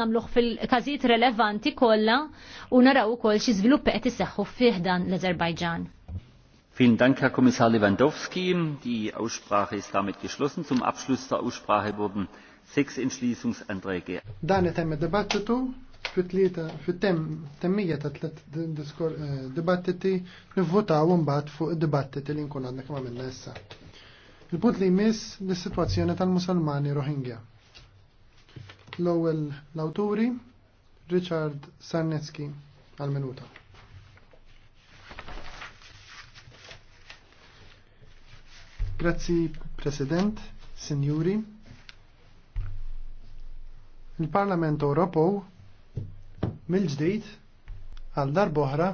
namluħ fil-kazijiet relevanti kollha u naraw ukoll xi żviluppi qed isseħħu fiħdan l-Azerbajġan. Vielen Dank, Herr Kommissar Lewandowski. Die Aussprache ist damit geschlossen. Zum Abschluss der Aussprache wurden sechs Entschließungsanträge. Dan etem debattitu fit-tem temmija ta' tlet eh, dibattiti nivvotaw mbagħad fuq id-dibattiti li nkun għandna kemm għamilna issa. Il-punt li jmiss l-sitwazzjoni tal-Musulmani Rohingya. L-ewwel l-awturi Richard Sarnecki għal-minuta. Grazzi President, Sinjuri. Il-Parlament Ewropew mill-ġdid għal darboħra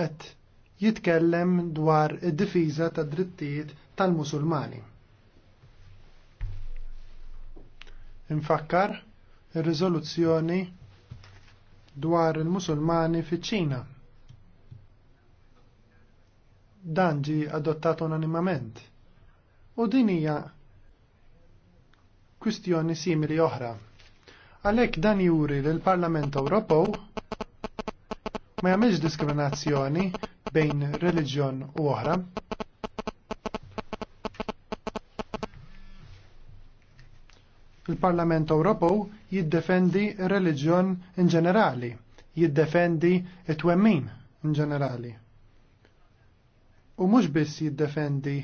qed jitkellem dwar id-difiża tad-drittijiet tal-Musulmani. Infakkar ir-riżoluzzjoni dwar il-Musulmani fiċ-Ċina. Dan ġi adottat unanimament. U din hija kwistjoni simili oħra. Għalhekk dan juri li l-Parlament Ewropew ma jagħmilx diskriminazzjoni bejn reliġjon u oħra. Il-Parlament Ewropew jiddefendi r-reliġjon in ġenerali, jiddefendi it-twemmin in ġenerali. U mhux biss jiddefendi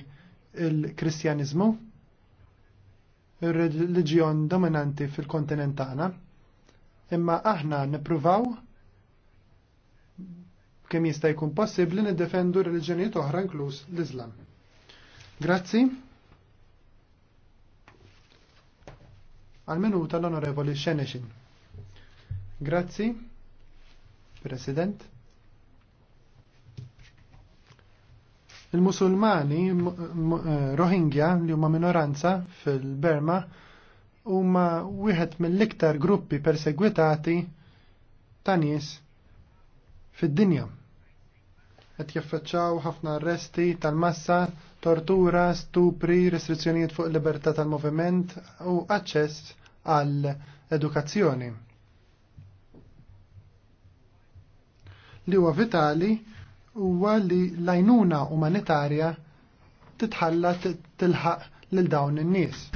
il-Kristjaniżmu, ir-reliġjon dominanti fil-kontinent tagħna, imma aħna nippruvaw kemm jista' jkun possibbli niddefendu reliġjonijiet oħra inkluż l-Iżlam. Grazzi. Għal-minuta l-Onorevoli Xenexin. Grazzi, President. Il-Musulmani eh, Rohingya li huma minoranza fil-Berma huma wieħed mill-iktar gruppi persegwitati ta' nies fid-dinja. Qed jaffaċċaw ħafna arresti tal-massa, tortura, stupri, restrizzjonijiet fuq libertà tal-moviment u aċċess għal edukazzjoni. Li huwa vitali huwa li l-għajnuna umanitarja titħalla tilħaq lil dawn in-nies.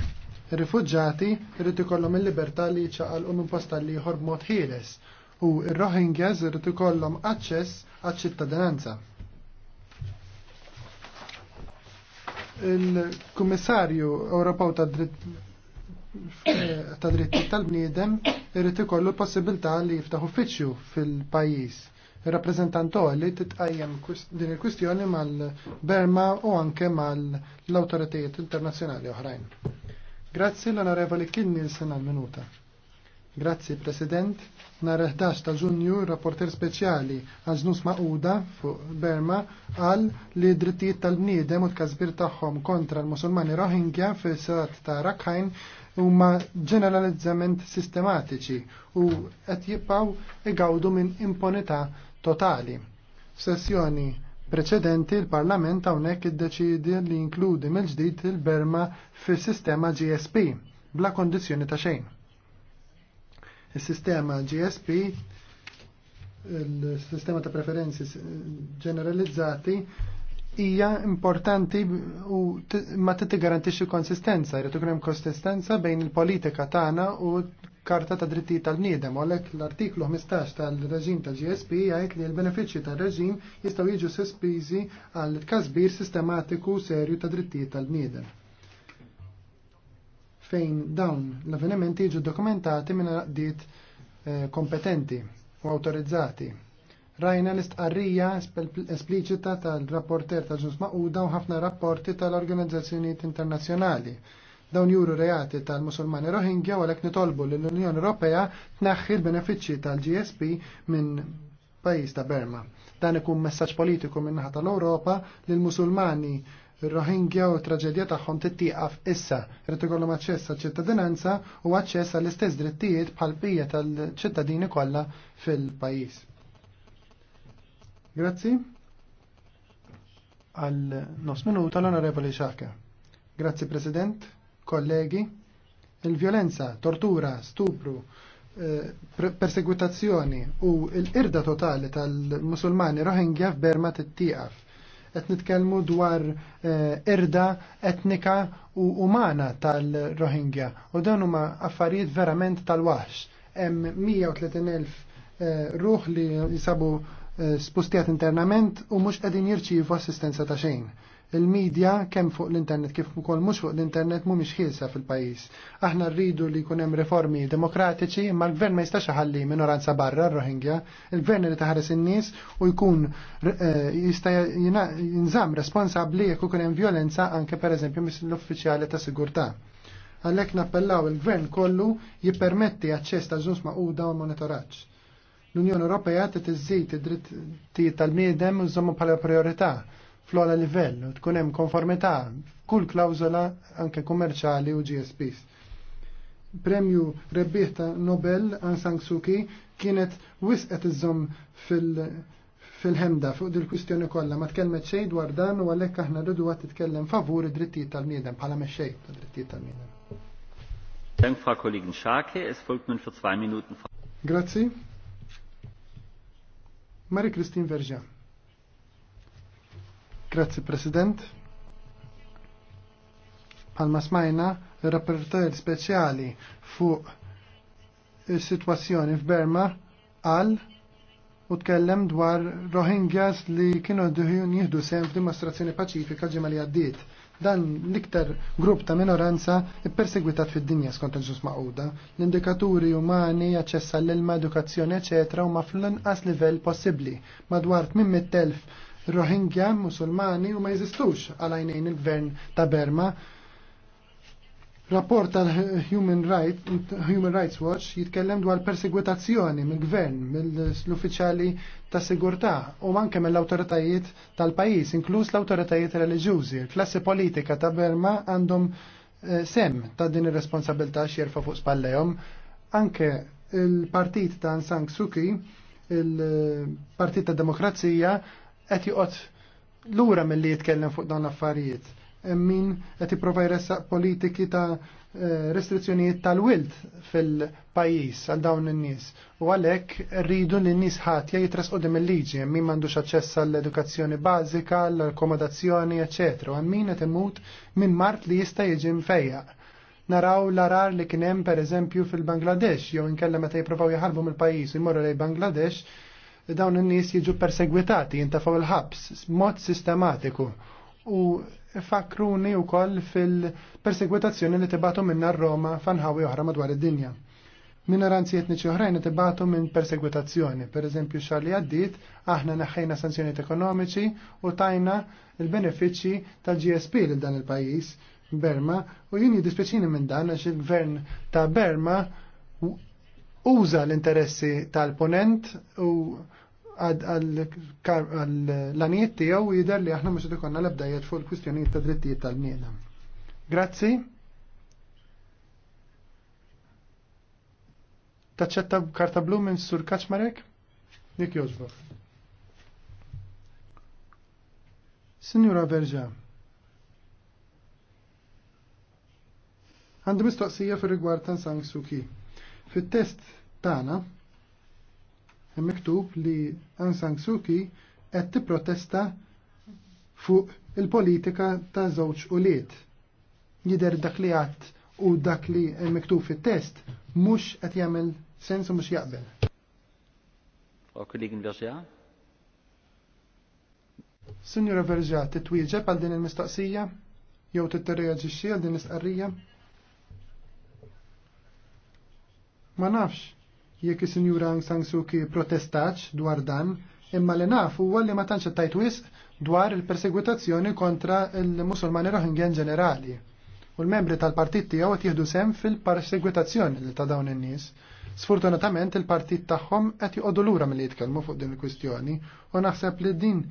Ir-rifuġġati irid ikollhom il-libertà li jċaqalqu minn posta li jħor b'mod ħieles u ir-Rohingyas irid ikollhom aċċess għaċ-ċittadinanza. Il-Kummissarju Ewropew tad dritt Eh, ta' dritti tal-bniedem irrid ikollu possibilità li jiftaħ uffiċċju fil-pajjiż. Ir-rappreżentant li titqajjem din il-kwistjoni mal-Berma u anke mal-awtoritajiet internazzjonali oħrajn. Grazzi l-Onorevoli Kinnilsen għal-minuta. Grazzi, President. Nar 11 ta' ġunju, rapporter speċjali għal-ġnus Mauda fuq Berma għal li drittijiet tal-bniedem u t-kazbir tagħhom kontra l-Musulmani Rohingya fis-sat ta' Rakhine huma ġeneralizzament sistematiċi u qed jibqgħu igawdu minn impunità totali. F'sessjoni preċedenti il-Parlament hawnhekk iddeċidi li jinkludi mill-ġdid il-Berma fis-sistema GSP bla kondizzjoni ta' xejn. Is-sistema GSP il-sistema ta' preferenzi ġeneralizzati hija importanti u ma titi garantixxi konsistenza, jrid ikun hemm konsistenza bejn il-politika tagħna u karta ta' dritti tal niedem u għalek l-artiklu 15 tal-reġim tal-GSP jgħid li l-benefiċċji tal-reġim jistgħu jiġu sospiżi għal kazbir sistematiku serju ta' dritti tal niedem fejn dawn l-avvenimenti jiġu dokumentati minn għaddit eh, kompetenti u autorizzati. Rajna l-istqarrija espliċita tal-rapporter tal-ġus maquda u ħafna rapporti tal-organizzazzjonijiet internazzjonali. Dawn juru reati tal-Musulmani Rohingya u għalek nitolbu l-Unjoni Ewropea tnaħħi l-benefiċċji tal-GSP minn pajis ta' Berma. Dan ikun messaġġ politiku minnaħa tal-Ewropa li l-Musulmani il rohingya u traġedja tagħhom tittieqaf issa irid ikollhom aċċess għall-ċittadinanza u aċċess għall-istess drittijiet bħal bija tal-ċittadini kollha fil-pajjiż. Grazzi għal nofs minuta l-Onorevoli Xaka. Grazzi President, kollegi. Il-violenza, tortura, stupru, eh, persegutazzjoni u l-irda totali tal-Musulmani Rohingya f'Berma tittieqaf qed nitkellmu dwar eh, irda etnika u umana tal-Rohingya u dawn huma affarijiet verament tal-waħx. Hemm 130,000 eh, ruħ li jisabu eh, spustijat internament u mhux qegħdin jirċievu assistenza ta' xejn il-medja kemm fuq l-internet kif ukoll mhux fuq l-internet mhumiex ħielsa fil-pajjiż. Aħna rridu li jkun hemm reformi demokratiċi, imma l-gvern ma jistax ħalli minoranza barra r-Rohingja, il-gvern li taħares in-nies u jkun eh, jista' jinżamm responsabbli jekk ikun hemm violenza anke pereżempju l uffiċjali ta' sigurtà. Għalhekk nappellaw il-gvern kollu jippermetti aċċess ta' ġus maquda u monitoraġġ. L-Unjoni Ewropea titiżżid id-drittijiet tal miedem u bħala priorità fl-ola livell tkun hemm konformità f'kull klawżola anke kummerċali u GSPs. Premju rebbieħ ta' Nobel Aung San Suu Kyi kienet wisqet iżom fil- fil-ħemda fuq dil kwistjoni kollha ma tkellmet xejn dwar dan u għalhekk aħna rridu għad titkellem favur id-drittijiet tal-bniedem bħala mexxej ta' drittijiet tal-bniedem. Dank Frau Kollegin Scharke, es folgt nun für zwei Minuten. Grazie. Marie-Christine Verjean. Grazzi President. Palma smajna, il-rapporter speċjali fuq il-situazzjoni f'Berma għal u tkellem dwar Rohingyas li kienu diħjun jihdu sem f'dimostrazzjoni paċifika ġimma li għaddiet. Dan l-iktar grupp ta' minoranza perseguitat fid-dinja skont il-ġus maquda. L-indikaturi umani, aċċess għall-ilma, edukazzjoni, eccetera, huma fl-inqas livell possibbli. Madwar 800,000 Rohingya musulmani u ma jizistux għalajnejn il-gvern ta' Berma. Rapport tal Human, right, Human Rights Watch jitkellem dwar persegwitazzjoni mill-gvern, mill-uffiċjali ta' sigurtà u anke mill-awtoritajiet tal-pajjiż, inkluż l-awtoritajiet reliġjużi. Klassi politika ta' Berma għandhom eh, sem ta' din ir-responsabilità xjerfa fuq spallejhom. Anke il-partit ta' Aung San Suu Kyi il-Partit ta' Demokrazija qed joqgħod lura milli jitkellem fuq dawn l-affarijiet. Min qed jipprova jressaq politiki ta' eh, restrizzjonijiet tal wilt fil-pajjiż għal dawn in-nies. U għalhekk rridu li n-nies ħatja jitresqu dim il-liġi, min m'għandux aċċess għall-edukazzjoni bażika, l-akkomodazzjoni, eċetera. Hemm min qed imut minn mart li jista' jiġi mfejjaq naraw l-arar li kienem per eżempju fil-Bangladesh, jew inkella meta jipprovaw jaħarbu mill-pajis u jmorru lej Bangladesh, dawn in-nies jiġu persegwitati, jintafaw il-ħabs, mod sistematiku. U fakruni u koll fil-persegwitazzjoni li tibatu minna Roma fanħawi oħra madwar id-dinja. Minoranzi etniċi oħrajn tibatu minn persegwitazzjoni. Per eżempju, xar li għaddit, aħna naħħejna sanzjoniet ekonomiċi u tajna il-benefiċi tal-GSP li dan il-pajis, Berma, u jien jiddispjaċini minn dan għax il-gvern ta' Berma uża l-interessi tal-ponent u għal-lanijiet tiegħu jider li aħna mhux ikonna l abdajiet fuq l kwistjonijiet ta' drittijiet tal-bniedem. Grazzi. Taċċetta karta blu minn Sur Kaczmarek? Nik jożbok. Signora Verġa, għandu mistoqsija fil rigward ta' Sang Suki. Fit-test tagħna hemm miktub li Aung San Suu Kyi qed tipprotesta fuq il-politika ta' żewġ uliet. Jider dak li għat u dak li hemm miktub fit-test mhux qed jagħmel sens u mhux jaqbel. Signora Verġa, titwieġeb għal din il-mistoqsija? Jew titterreaġixxi għal din l-istqarrija? Ma nafx jekk is-Sinjura Aung San Suu Kyi protestax dwar dan, imma li naf huwa li ma tantx tajt wisq dwar il-persegwitazzjoni kontra il-Musulmani Rohingya ġenerali. U l-membri tal-partit tiegħu qed jieħdu sem fil-persegwitazzjoni li ta' dawn in-nies. Sfortunatament il-partit tagħhom qed joqogħdu lura milli jitkellmu fuq din il-kwistjoni u naħseb li din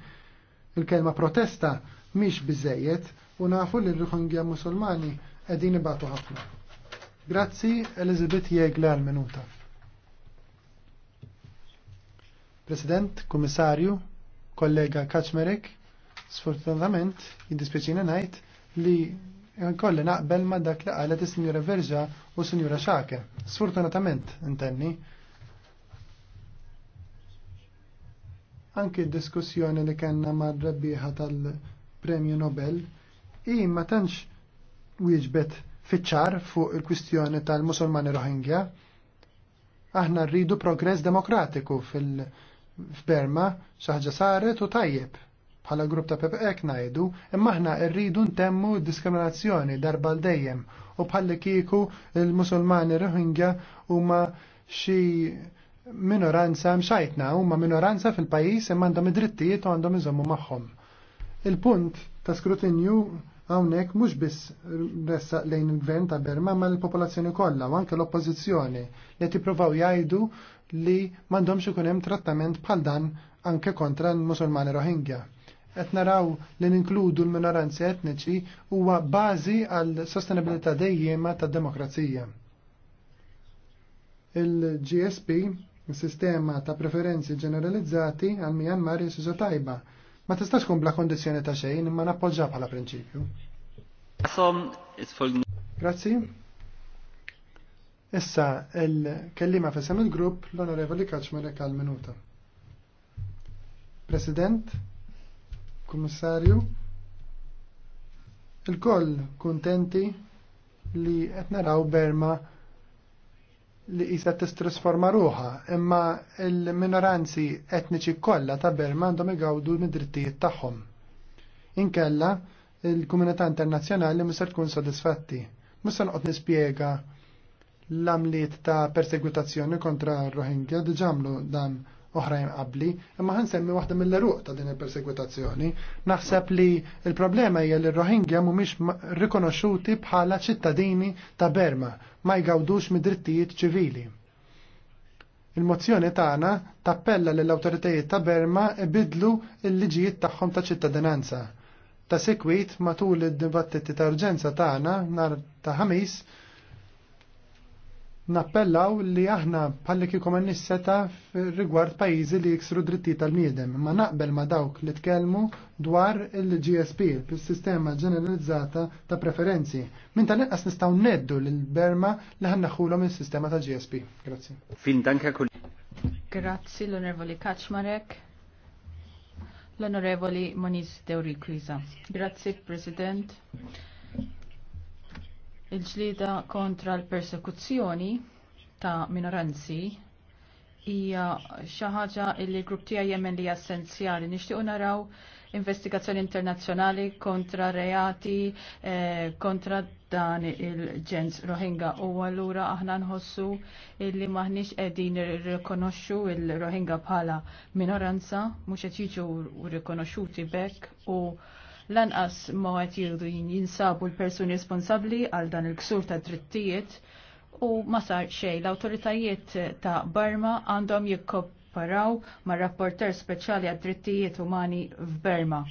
il-kelma protesta mhix biżejjed u nafu li l-Rohingya Musulmani qegħdin ibatu ħafna. Grazzi, Elizabeth Jegla għal-minuta. President, Komissarju, kollega Kaczmerek, sfortunatament, jiddispieċina najt li kolli naqbel ma dak li qalet is-Sinjura Verġa u Sinjura Xake. Sfortunatament, intenni. Anki diskussjoni li kellna ma' rebbieħa tal-Premju Nobel i ma tantx wieġbet fiċċar fuq il-kwistjoni tal-Musulmani Rohingya. Aħna rridu progress demokratiku fil-Berma, xaħġa saret u tajjeb. Bħala grupp ta' PPEK najdu, imma aħna rridu ntemmu diskriminazzjoni darba l-dejjem u bħalli kiku il-Musulmani Rohingya huma xi minoranza mxajtna, huma minoranza fil-pajis imma għandhom id-drittijiet u għandhom iżommu magħhom. Il-punt ta' skrutinju Hawnhekk mhux biss ressaq lejn il-gvern ta' Berma ma' l-popolazzjoni kollha u anke l-oppożizzjoni li qed jippruvaw jgħidu li m'għandhomx ikun hemm trattament bħal dan anke kontra l-Musulmani Rohingya. Qed naraw li ninkludu l-minoranzi etniċi huwa bażi għal sostenibilità dejjema tad-demokrazija. Il-GSP, il-sistema ta' preferenzi ġeneralizzati għal Myanmar jisużu tajba Ma tistax kun bla kondizjoni ta' xejn, imma nappoġġa bħala prinċipju. Grazzi. Issa, il-kellima fissam il-grupp l-onorevoli Kaczmarek għal minuta. President, Kommissarju. il-koll kontenti li qed naraw Berma li jisa t-trasforma ruħa, imma il-minoranzi etniċi kollha ta' Berma għandhom igawdu mid-drittijiet tagħhom. Inkella, il-komunità internazzjonali mhux se tkun sodisfatti. Mhux se noqgħod nispjega l-għamliet ta' persegutazzjoni kontra r-Rohingya diġamlu dan oħrajn qabli, imma ħansemmi waħda mill-eruq ta' din il-persegwitazzjoni. Naħseb li il-problema hija li r-Rohingja mhumiex rikonoxxuti bħala ċittadini ta' Berma, ma jgawdux mid-drittijiet ċivili. Il-mozzjoni tagħna tappella lill awtoritajiet ta' Berma ibidlu l-liġijiet tagħhom ta' ċittadinanza. Ta' sekwit matul id-dibattiti ta' urġenza tagħna nhar ta' ħamis ta nappellaw li aħna bħalli kikom nisseta rigward pajizi li jiksru dritti tal-miedem, ma naqbel ma dawk li tkellmu dwar il-GSP, il-sistema ġeneralizzata ta' preferenzi. Min ta' neqqas nistaw neddu l-Berma li ħannaħulom il-sistema ta' GSP. Grazie. Fin danka kull. Grazzi l-onorevoli Kaczmarek. L-onorevoli Moniz Deuri Kwiza. Grazzi, President. Il-ġlida kontra l-persekuzzjoni ta' minoranzi hija xi ħaġa li l-grupp tiegħi jemmen li essenzjali. Nixtiequ naraw investigazzjoni internazzjonali kontra reati eh, kontra dan il-ġens Rohingya u allura aħna nħossu illi maħniex qegħdin rikonoxxu il-Rohingya bħala minoranza mhux qed jiġu rikonoxxuti bekk u lanqas ma qed jirdu jinsabu l-persuni responsabbli għal dan il-ksur ta' drittijiet u ma sar xejn l-awtoritajiet ta' Berma għandhom jikkoparaw ma' rapporter speċjali għad drittijiet umani f'Berma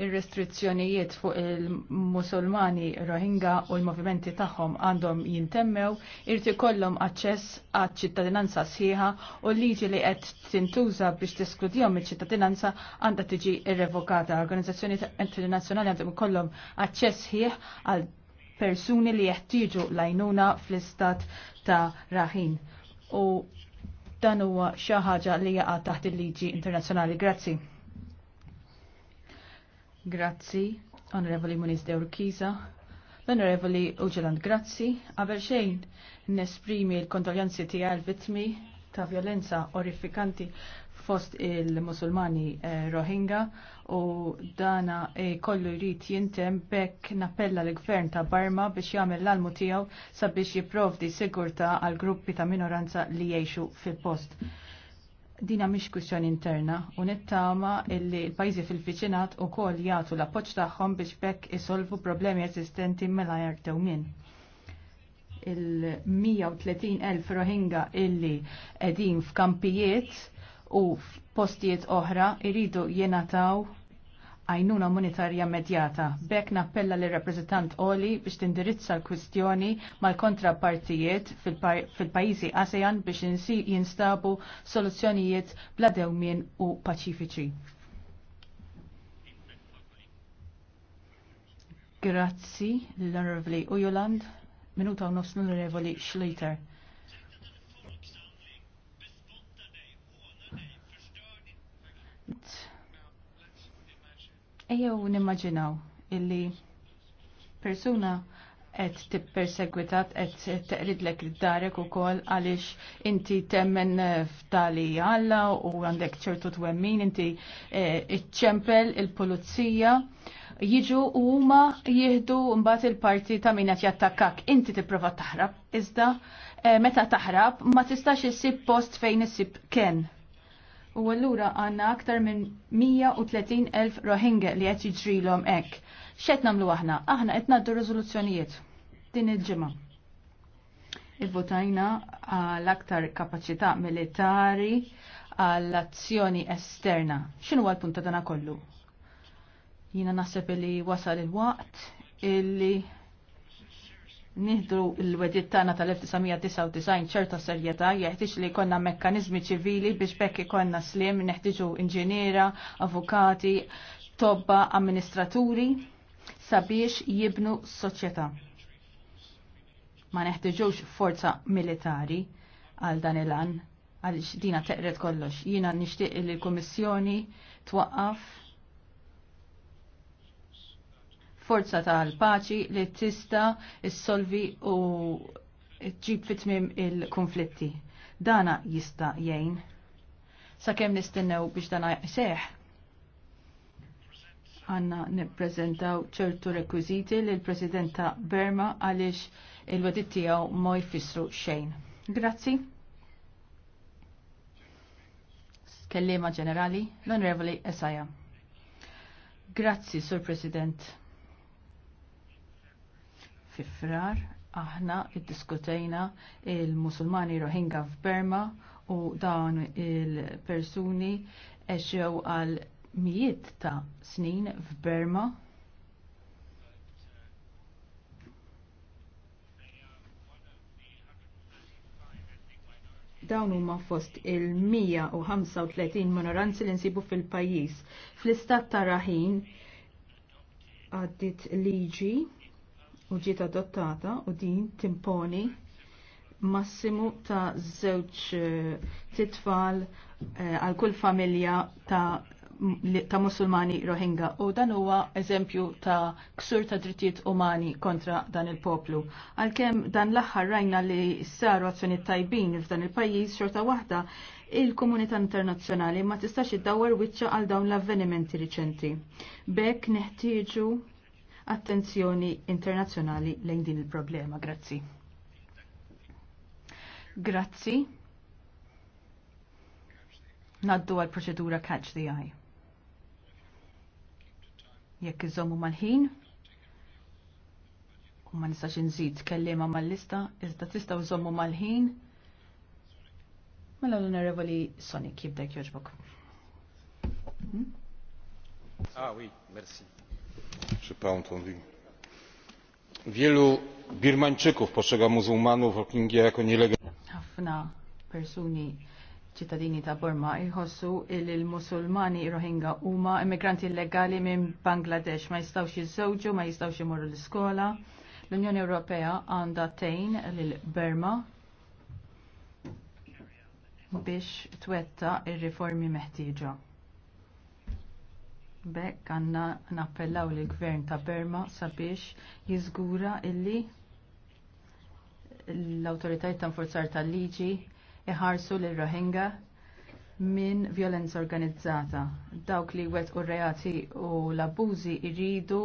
ir-restrizzjonijiet fuq il-Musulmani Rohingya u l-movimenti tagħhom għandhom jintemmew, irid ikollhom aċċess għaċ-ċittadinanza sħiħa u l-liġi li qed tintuża biex tiskludihom iċ-ċittadinanza għandha tiġi irrevokata. Organizzazzjoni internazzjonali għandhom ikollhom aċċess sħiħ għal persuni li jeħtieġu lajnuna fl-istat ta' Rahin. U dan huwa xi ħaġa li jaqa' taħt il-liġi internazzjonali. Grazzi. Grazzi, Onorevoli Muniz de Urquiza. L-Onorevoli Uġeland, grazzi. Għabel xejn, nesprimi l-kondoljanzi ti għal-vitmi ta' violenza orrifikanti fost il-Musulmani eh, Rohingya u dana eh, kollu jrid jintem bekk nappella l-gvern ta' Barma biex jagħmel l-almu tiegħu sabiex jipprovdi sigurta għal gruppi ta' minoranza li jgħixu fil-post dina mhix kwistjoni interna u nittama illi l-pajjiżi fil-viċinat ukoll jagħtu l-appoġġ tagħhom biex bekk isolvu problemi eżistenti mingħajr minn. Il-130,000 Rohingya illi qegħdin f'kampijiet u f'postijiet oħra jridu jenataw għajnuna monetarja medjata. Bek nappella l reprezentant Oli biex tindirizza l-kwistjoni mal-kontrapartijiet fil-pajizi fil ASEAN biex jinstabu soluzzjonijiet bla dewmien u paċifiċi. Grazzi l-Onorevoli Ujoland, minuta u nofs l-Onorevoli Schleiter. Ejjew nimmaġinaw illi persuna qed tippersegwitat qed teqridlek id-darek ukoll għaliex inti temmen f'tali Alla u għandek ċertu twemmin inti eh, iċċempel il-pulizija jiġu huma jieħdu mbagħad il-parti ta' min qed jattakkak. Inti tipprova taħrab iżda eh, meta taħrab ma tistax issib post fejn issib ken. U għallura għanna aktar minn 130.000 Rohingya li għet jġrilom ek. Xet namlu aħna? Aħna għet naddu rezoluzzjonijiet din il il Ivvotajna għal aktar kapacità militari għall azzjoni esterna. Xinu għal punta dana kollu? Jina nasib li wasal il-waqt illi nieħdu l-wedit tagħna tal-1999 ċerta serjetà jeħtieġ li jkollna mekkaniżmi ċivili biex bekk ikollna slim neħtiġu inġiniera, avukati, tobba, amministraturi sabiex jibnu soċjetà. Ma neħtieġux forza militari għal dan il-an għal dina teqret kollox. Jiena nishtiq il-Komissjoni kummissjoni twaqqaf forza tal-paċi li tista solvi u ġib fitmim il-konflitti. Dana jista jgħin. Sakemm nistennew biex dana seħ. Għanna nippreżentaw ċertu rekwiziti li l presidenta Berma għaliex il-wedit tiegħu ma jfissru xejn. Grazzi. Kellima ġenerali, l-Onorevoli Esaja. Grazzi, Sur President fi frar aħna iddiskutejna il-Musulmani Rohingya f'Berma u dawn il-persuni eċew għal mijiet ta' snin f'Berma. dawn huma fost il-135 minoranzi li nsibu fil-pajjiż. Fl-istat ta' Raħin għaddit liġi u ġiet adottata u din timponi massimu ta' żewġ eh, titfal eh, għal kull familja ta' ta' musulmani Rohingya u dan huwa eżempju ta' ksur ta' drittijiet umani kontra dan il-poplu. Għalkemm dan l-aħħar rajna li saru azzjoni tajbin f'dan il-pajjiż xorta waħda il-komunità internazzjonali ma tistax iddawwar wiċċa għal dawn l avvenimenti riċenti. Bekk neħtieġu attenzjoni internazzjonali lejn din il-problema. Grazzi. Grazzi. Naddu għal proċedura catch the eye. Jekk iżommu mal-ħin, u ma nistax nżid kellima mal-lista, iżda tista' iżommu mal-ħin, mela l-onorevoli Sonic jibdek joġbok. Hmm? Ah, oui, merci. Wielu Birmańczyków postrzega muzułmanów Rohingya jako nielegalnych. Ħafna persuni ċittadini ta' Burma jħossu li l-Musulmani Rohingya huma immigranti illegali minn Bangladesh ma jistawx jiżżewġu, ma jistgħux imorru l-iskola. L-Unjoni Ewropea għandha tejn lil Burma biex twetta ir-riformi meħtieġa. Bekk għanna nappellaw li gvern ta' Berma sabiex jizgura illi l-autoritajt ta' forzar tal-liġi iħarsu l rohingya minn violenza organizzata. Dawk li wet u reati u l-abuzi irridu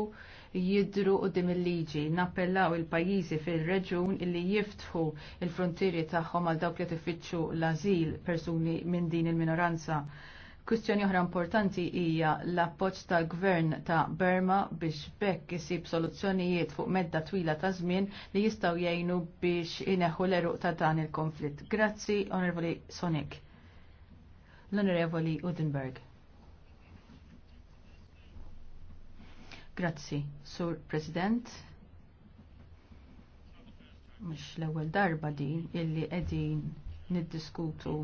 jidru u dim il-liġi. Nappellaw il-pajizi fil-reġun illi jiftħu il-frontieri tagħhom għal dawk li tifittxu l-azil persuni minn din il-minoranza. il minoranza Kwistjoni oħra importanti hija l-appoġġ tal-Gvern ta' Burma biex bekk isib soluzzjonijiet fuq medda twila ta' żmien li jistgħu jgħinu biex ineħħu l-eruq ta' dan il-konflitt. Grazzi, Onorevoli Sonik. L-Onorevoli Udenberg. Grazzi, Sur President. Mhux l-ewwel darba din illi qegħdin niddiskutu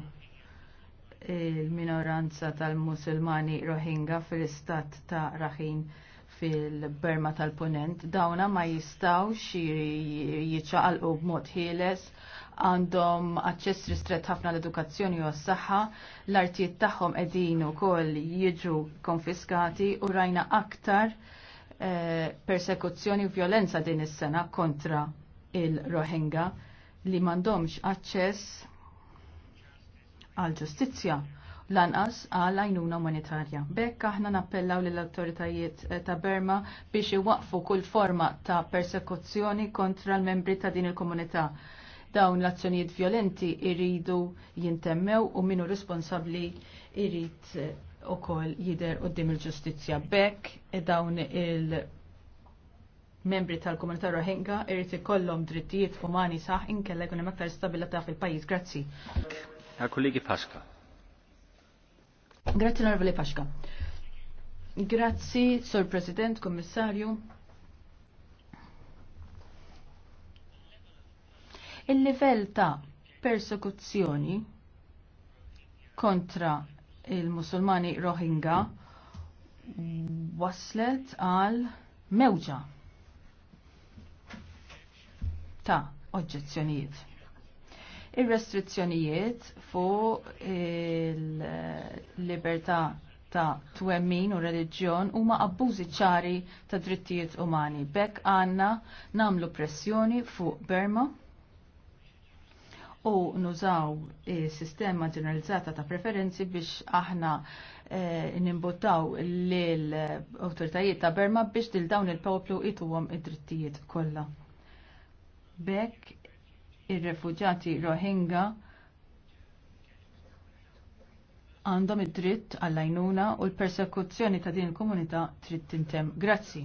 il-minoranza tal-Musulmani Rohingya fil-istat ta' Rahin fil-Berma tal-Ponent. Dawna ma jistawx jiċċaqalqu b'mod ħieles għandhom aċċess ristret ħafna l-edukazzjoni u s-saħħa, l-artijiet tagħhom qegħdin ukoll jiġu konfiskati u rajna aktar eh, persekuzzjoni u violenza din is-sena kontra il-Rohingya li m'għandhomx aċċess għal ġustizzja lanqas għal għajnuna umanitarja. Bekk aħna nappellaw lill autoritajiet eh, ta' Berma biex iwaqfu kull forma ta' persekuzzjoni kontra l-membri ta' din il-komunità. Dawn l-azzjonijiet violenti iridu jintemmew u minu responsabli irid eh, u koll jider u il-ġustizja. Bekk eh, dawn il- membri tal-komunità Rohingya irid ikollhom drittijiet umani saħ jkun hemm aktar stabilità fil-pajjiż. Grazzi. Herr Kollege Paschka. Grazie, Paschka. Grazzi, Sor President, Kommissarju. Il-livell ta' persekuzzjoni kontra il-Musulmani Rohingya waslet għal mewġa ta' oġġezzjonijiet ir-restrizzjonijiet fuq il-libertà ta' twemmin u reliġjon huma abbużi ċari ta' drittijiet umani. Bekk għanna namlu pressjoni fuq Burma u nużaw sistema ġeneralizzata ta' preferenzi biex aħna eh, nimbuttaw l-autoritajiet ta' Burma biex dil dawn il-poplu ituhom id-drittijiet kollha. Bekk ir-refuġati Rohingya għandhom id-dritt għall-għajnuna u l-persekuzzjoni ta' din il-komunità trid tintem. Grazzi.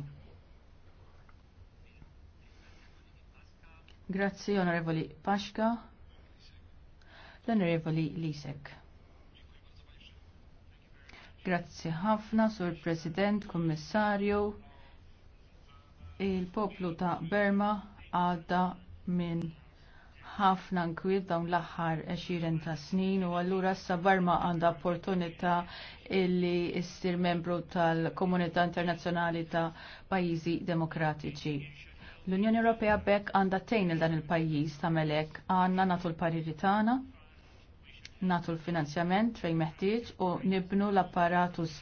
Grazzi, onorevoli Pashka, l-onorevoli Lisek. Grazzi ħafna, Sur President, Kommissarju, il-poplu ta' Berma għadda minn ħafna nkwiet dawn l-aħħar 20 ta' snin u allura s-sabar ma' għandha opportunità illi issir membru tal-Komunità Internazzjonali ta' Pajjiżi Demokratiċi. L-Unjoni Ewropea bekk għandha tejn il dan il-pajjiż ta' melek għandna nagħtu l-pariri tagħna natu l-finanzjament fejn meħtieġ u nibnu l-apparatus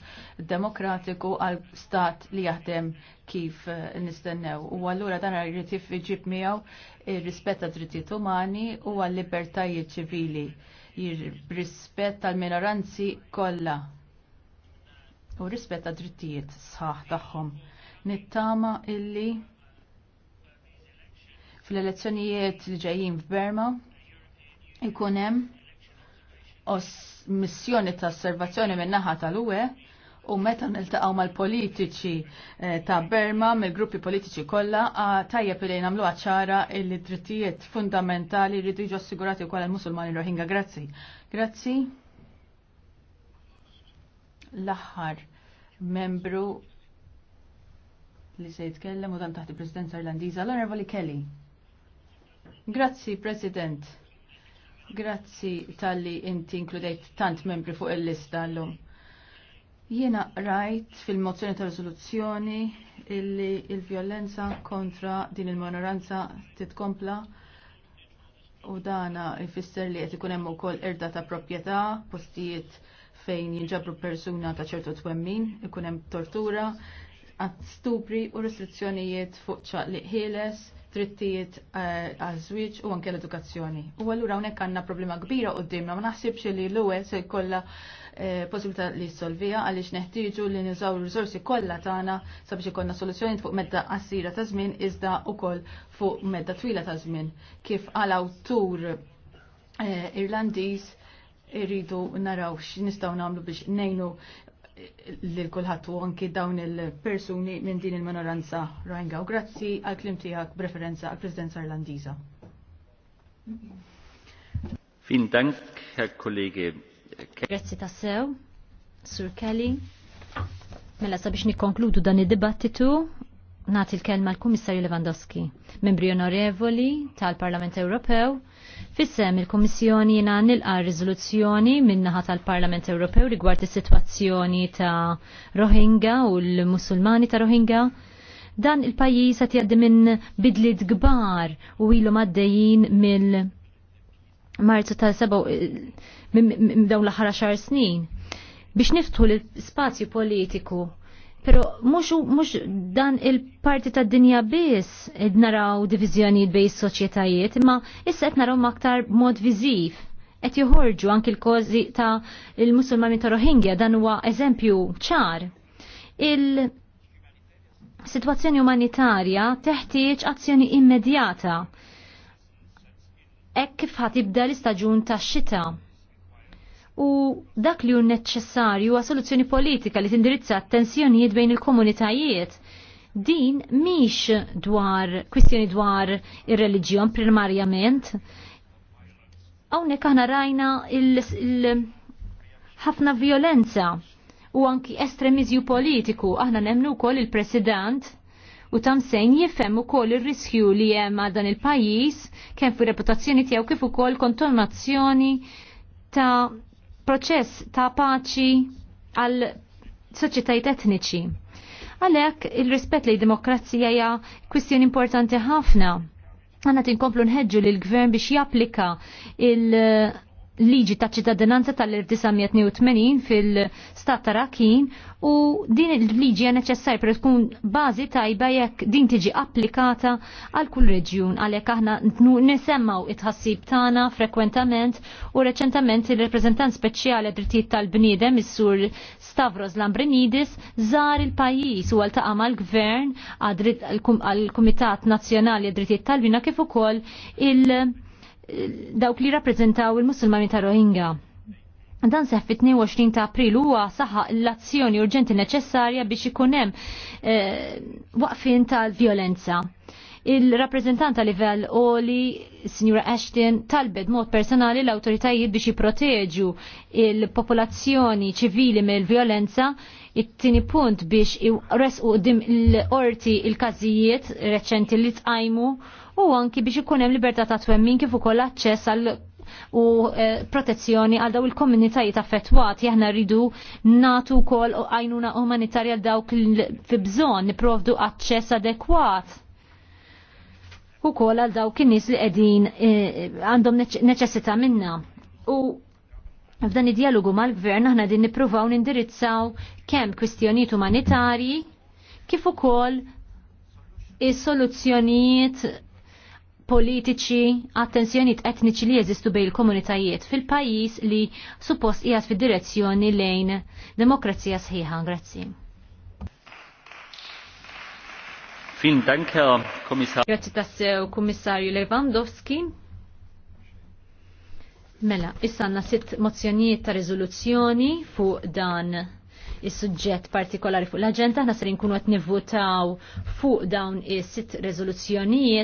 demokratiku għal stat li jaħdem kif eh, nistennew. U allura dan rrid fiġib miegħu ir-rispett ta' drittijiet umani u għall-libertajiet ċivili, rispett tal-minoranzi kollha u rispett ta' drittijiet sħaħ tagħhom. Nittama illi fl-elezzjonijiet li ġejjin f'Berma ikun hemm missjoni ta' osservazzjoni min-naħa tal-UE u meta niltaqgħu mal-politiċi eh, ta' Berma mill-gruppi politiċi kollha tajjeb li nagħmluha ċara li drittijiet fundamentali rridu jiġu assigurati wkoll għall-Musulmani Rohingya. Grazzi. Grazzi. L-aħħar membru li se jitkellem u dan taħt il-Presidenza Irlandiża l-Onorevoli Kelly. Grazzi, President. Grazzi tal-li inti inkludejt tant membri fuq il-lista l-lum. Jiena rajt fil-mozzjoni ta' rezoluzzjoni illi il-violenza kontra din il monoranza titkompla u dana jfisser li qed ikun hemm ukoll erda ta' proprjetà, postijiet fejn jinġabru persuna ta' ċertu twemmin, ikun hemm tortura, stupri u restrizzjonijiet fuq li ħieles drittijiet eh, għaż-żwieġ u anke l-edukazzjoni. U allura hawnhekk għandna problema kbira d-dimna, ma naħsibx li l-UE se jkollha eh, possibilità li solvija għaliex neħtieġu li niżaw l-rizorsi kollha tagħna sabiex ikollna soluzzjoni fuq medda qasira ta' żmien iżda wkoll fuq medda twila ta' żmien. Kif għal awtur eh, Irlandiż irridu naraw x'nistgħu nagħmlu biex ngħinu li kulħadd u anki dawn il-persuni minn din il-minoranza Rajnga. U grazzi għal klim tiegħek preferenza għal Presidenza Irlandiża. Fin dank, kollegi. Grazzi tassew, Sur Kelly. Mela sabiex nikkonkludu dan id-dibattitu, nati il kelma l-Kummissarju Lewandowski, membri onorevoli tal-Parlament Ewropew, fissem il-Kummissjoni jina nilqa riżoluzzjoni minnaħa tal-Parlament Ewropew rigward is-sitwazzjoni ta' Rohingya u l-Musulmani ta' Rohingya dan il-pajis għat jaddi minn bidlit gbar u ilu maddejjin mill marzu ta' seba minn dawn l-ħara xar snin biex niftħu l-spazju politiku Pero mux, mux dan il-parti ta' dinja biss id naraw divizjoni bej soċjetajiet, imma issa qed naraw maktar mod viżiv. Qed joħorġu anki l-kozi ta' il-Musulmani ta' Rohingya dan huwa eżempju ċar. Il Situazzjoni umanitarja teħtieġ azzjoni immedjata. Ekk kif ħatibda l-istaġun tax-xita u dak li hu neċessarju huwa soluzzjoni politika li tindirizza t-tensjonijiet bejn il-komunitajiet. Din miex dwar kwistjoni dwar ir-reliġjon primarjament. Hawnhekk aħna rajna ħafna violenza u anki estremizju politiku. Aħna nemnu wkoll il-President u tamsejn jifhem ukoll ir-riskju li hemm għal dan il-pajjiż kemm fu reputazzjoni tiegħu kif ukoll kontonmazzjoni ta' proċess ta' paċi għal soċjetajiet etniċi. Għalhekk il-rispett lid demokrazija hija kwistjoni importanti ħafna. Għanna tinkomplu nħedġu li l-gvern biex japplika il- liġi ta' ċittadinanza tal-1980 fil-stat ta' Rakin u din il-liġi hija neċessarja per tkun bażi tajba jekk din tiġi applikata għal kull reġjun għalhekk aħna nisemmaw it tana tagħna frekwentament u reċentament il-reprezentant speċjali drittijiet tal-bniedem is-sur Stavros Lambrinidis żar il-pajjiż u l-taqa' mal-gvern għal-Kumitat Nazzjonali Drittijiet tal-Bina kif ukoll il- dawk li rappresentaw il-Musulmani ta' Rohingya. Dan seħ fit-22 ta' april huwa saħa l-azzjoni urġenti neċessarja biex ikun hemm eh, waqfin tal-vjolenza. Il-rappreżentanta livell oli, Signora Ashton, talbed mod personali l-autoritajiet biex jipproteġu il-popolazzjoni ċivili mill-vjolenza it-tini punt biex resqu dim l-orti il-kazijiet reċenti li tqajmu u anki biex ikun hemm libertà ta' twemmin kif ukoll aċċess għal u eh, protezzjoni għal daw il-komunitajiet affettwati aħna rridu natu wkoll għajnuna umanitarja dawk fi bżonn nipprovdu aċċess adekwat u kol għal dawk in-nies li qegħdin eh, għandhom neċessità minna. U f'dan id-dialogu mal-gvern aħna din nippruvaw nindirizzaw kemm kwistjonijiet umanitarji kif ukoll is-soluzzjonijiet politiċi, attenzjoniet etniċi li jeżistu bej il-komunitajiet fil-pajis li suppost qiegħed fid-direzzjoni lejn demokrazija sħiħa. Grazzi. Fin danke, komissar. Grazzi tassew, kummissarju Lewandowski. Mela, issa għandna sitt mozzjonijiet ta' riżoluzzjoni fuq dan is-suġġett partikolari fuq l-aġenda, ħna ser nkunu qed nivvutaw fuq dawn is-sitt riżoluzzjonijiet